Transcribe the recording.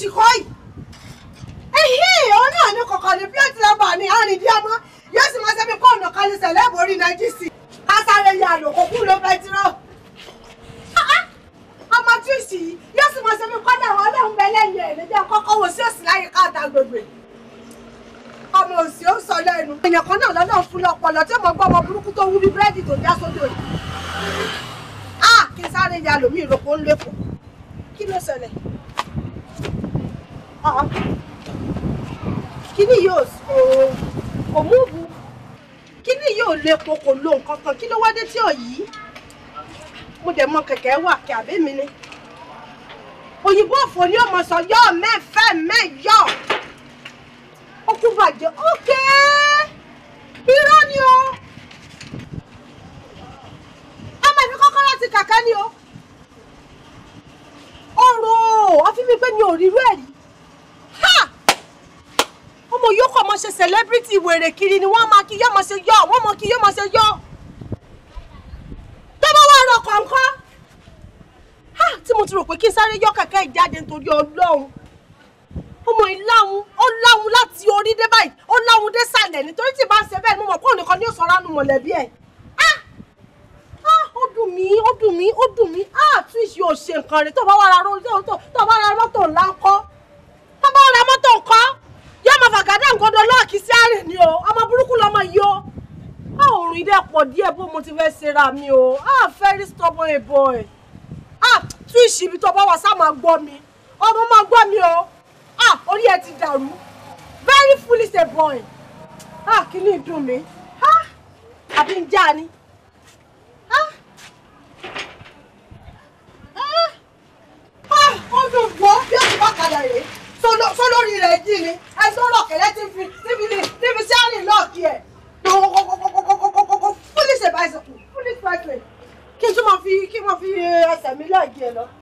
ṣìkọ́ì ẹ̀hìn òun náà ní kọ̀kọ̀ ní plẹ́tì lọ́bà ní àrìndíọ́mọ́ yóò sì máa ṣẹ́bi kóònù kan ní sẹ̀lẹ́bù orí nàìjíríà kásáré ya àlòkò kú ló pẹtiró ọmọ tíìsì yóò sì máa ṣẹ́bi kọ́dà àwọn ọlọ́run bẹ lẹ́yìn ẹ̀ lẹ́jọ́ kọ́kọ́ wò sí òsì láyé káàtà gbogbo ọmọ òsì ó sọ lẹ́nu. èèyàn kan náà lọ́nà fún lọ́pọlọ tí mo gbọ́ ọmọ burúkú tó wú bí búrẹ́dì tó já sódò yìí. a ah, kì í sáré ya lòmí ìrókò ń lẹ́kọ̀ọ́ kí ló ṣẹlẹ̀. Ah, ah. kíní yóò kò múùbù kíní yóò lè kókò lo nǹkan kan kí ló wá dé tí ò yí mo dẹ̀ mọ kẹ̀kẹ́ wà kí àbí mi ni òyìnbó òfò ni ọmọ sọ yọ mẹ́fẹ́ mẹ́yọ ó kú bàjẹ́ ókè irọ́ ni o ọmọ ìfi kọ́kọ́rọ́ ti kàkà ni o ọ̀rọ̀ ọ̀fíìmí pé mi ò rí rú ẹ̀rí ọmọ yóò kọ́ ọmọ ṣe celebrity wèrè kiri ni wọ́n máa kí yóò máa ṣe yọ wọ́n máa kí yóò máa ṣe yọ. tó bá wà rọ kọ̀ọ̀kan tí mo ti rò pé kí n sáré yọ kẹ̀kẹ́ ìjáde nítorí ọlọ́run ọmọ ìláhùn ó láhùn láti orí dé báyìí ó láhùn dé sàlẹ̀ nítorí tí bá ń ṣe bẹ́ẹ̀ mo mọ̀ pé òun nìkan ni yóò sọ̀rọ̀ àánú mọ̀lẹ́bí ẹ̀ ó dùn mí ó dùn mí ó dùn mí àtún ìṣe òṣè nǹkan rẹ tó bá wà ra mọ́tò ńlá ńkọ́ tó bá wà ra mọ́tò ńkọ́. ọkọ̀ díẹ̀ bó mo ti fẹ́ ṣera mi o ah very stubborn a boy ah tún ìṣíbi tó bá wà sá máa gbọ́ mi ọmọ máa gbọ́ mi o ah orí ẹ ti dàrú very foolish a boy ah kíní do mí ah àbí ń já ni ah ah ah ó dùn gbọ́ bí ó ti So, kalẹ̀ rèé sọlórí rẹ̀ jí ni ẹ sọ̀rọ̀ kẹ̀lẹ́ ti fi police person police person kí n tún mọ fi kí n mọ fi eh, ẹsẹ̀ mi láàgì ẹ e lọ.